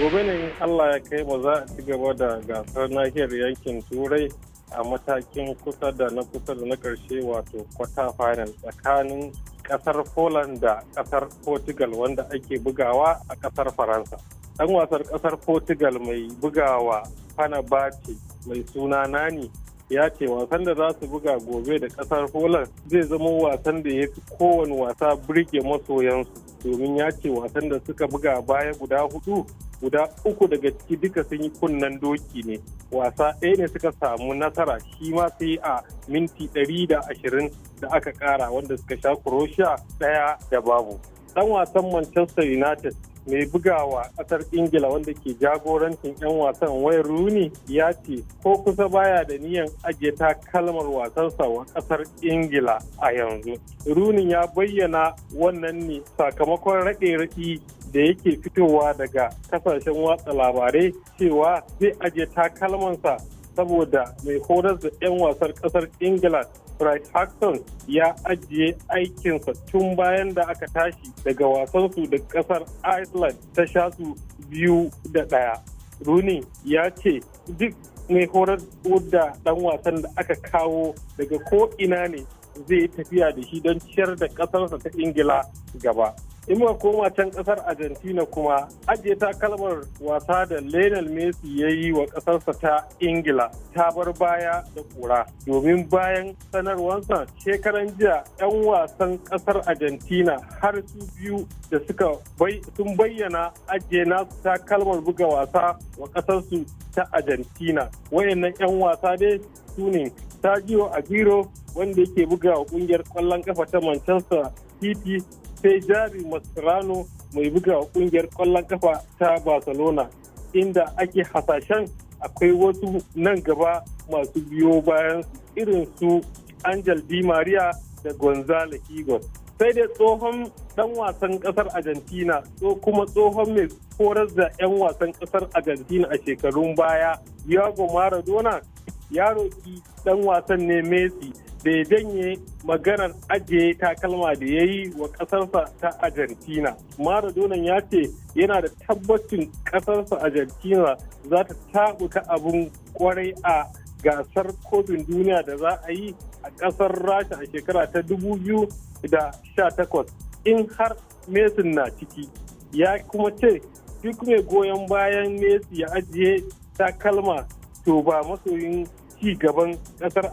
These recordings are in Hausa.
gobe ne allah ya kai mu za a ci gaba da gasar nahiyar yankin turai a matakin kusa da na kusa da na karshe wato kwata final tsakanin ƙasar poland da ƙasar portugal wanda ake bugawa a ƙasar faransa ɗan wasan ƙasar portugal mai bugawa fanabace mai suna nani ya ce wasan da za su buga gobe da ƙasar poland zai zama wasan da ya fi kowane wasa birge masoyansu domin ya ce wasan da suka buga baya guda hudu guda uku daga ciki duka sun yi kunnen doki ne wasa ɗaya ne suka samu nasara shi ma sai a minti ɗari da ashirin da aka kara wanda suka sha kurosha ɗaya da babu Ɗan wasan manchester united mai bugawa ƙasar ingila wanda ke jagorancin 'yan wasan wayar runi ya ce ko kusa baya da niyan ajiye ta kalmar wasansa wa ƙasar ingila a yanzu runin ya bayyana wannan ne sakamakon raɗe-raɗi da yake fitowa daga kasashen watsa labarai cewa zai aje takalmansa saboda mai horar da 'yan wasan kasar ingila Bryce Hudson ya ajiye aikinsa tun bayan da aka tashi daga wasansu da kasar Iceland ta sha su biyu da ɗaya. Rooney ya ce duk mai horar da ɗan wasan da aka kawo daga ko ina ne zai tafiya da shi don ciyar da ƙasarsa ta Ingila gaba. in ma koma can kasar argentina kuma ajiye takalmar wasa da lionel messi ya yi wa kasarsa ta ingila ta bar baya da kura domin bayan sanarwarsa shekaran jiya 'yan wasan kasar argentina har su biyu da suka sun bayyana ajiye nasu takalmar buga wasa wa kasarsu ta argentina wayannan 'yan wasa dai su ne Sergio Aguero wanda yake buga wa kungiyar kwallon kafa ta Manchester City sai jari mascherano mai buga kungiyar kwallon kafa ta barcelona inda ake hasashen akwai wasu nan gaba masu biyo bayan irin su angel di maria da gonzalo higos sai dai tsohon dan wasan kasar argentina ko kuma tsohon mai horar da 'yan wasan kasar argentina a shekarun baya diego maradona ya roƙi ɗan wasan ne Messi da ya janye maganar ajiye takalma da ya yi wa ƙasarsa ta Argentina. Maradona ya ce yana da tabbacin ƙasarsa Argentina za ta tabuka abin kwarai a gasar kofin duniya da za a yi a ƙasar Rasha a shekara ta dubu biyu da sha takwas in har Messi na ciki. Ya kuma ce duk mai goyon bayan Messi ya ajiye takalma to ba masoyin ci gaban kasar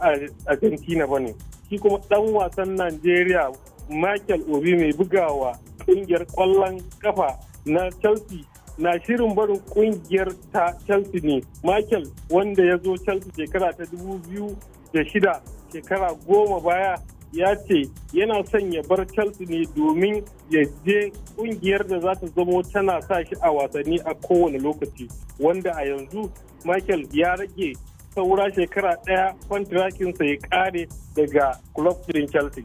argentina ba ne shi kuma dan wasan nigeria michael obi mai bugawa kungiyar kwallon kafa na chelsea na shirin barin kungiyar ta chelsea ne michael wanda ya zo chelsea shekara ta 2006 shekara goma baya ya ce yana son ya bar Chelsea ne domin ya je kungiyar da za ta zamo tana sa shi a wasanni a kowane lokaci wanda a yanzu Michael ya rage saura shekara ɗaya kwantirakinsa ya ƙare daga club din Chelsea.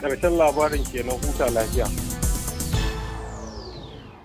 karshen labarin ke na huta lafiya.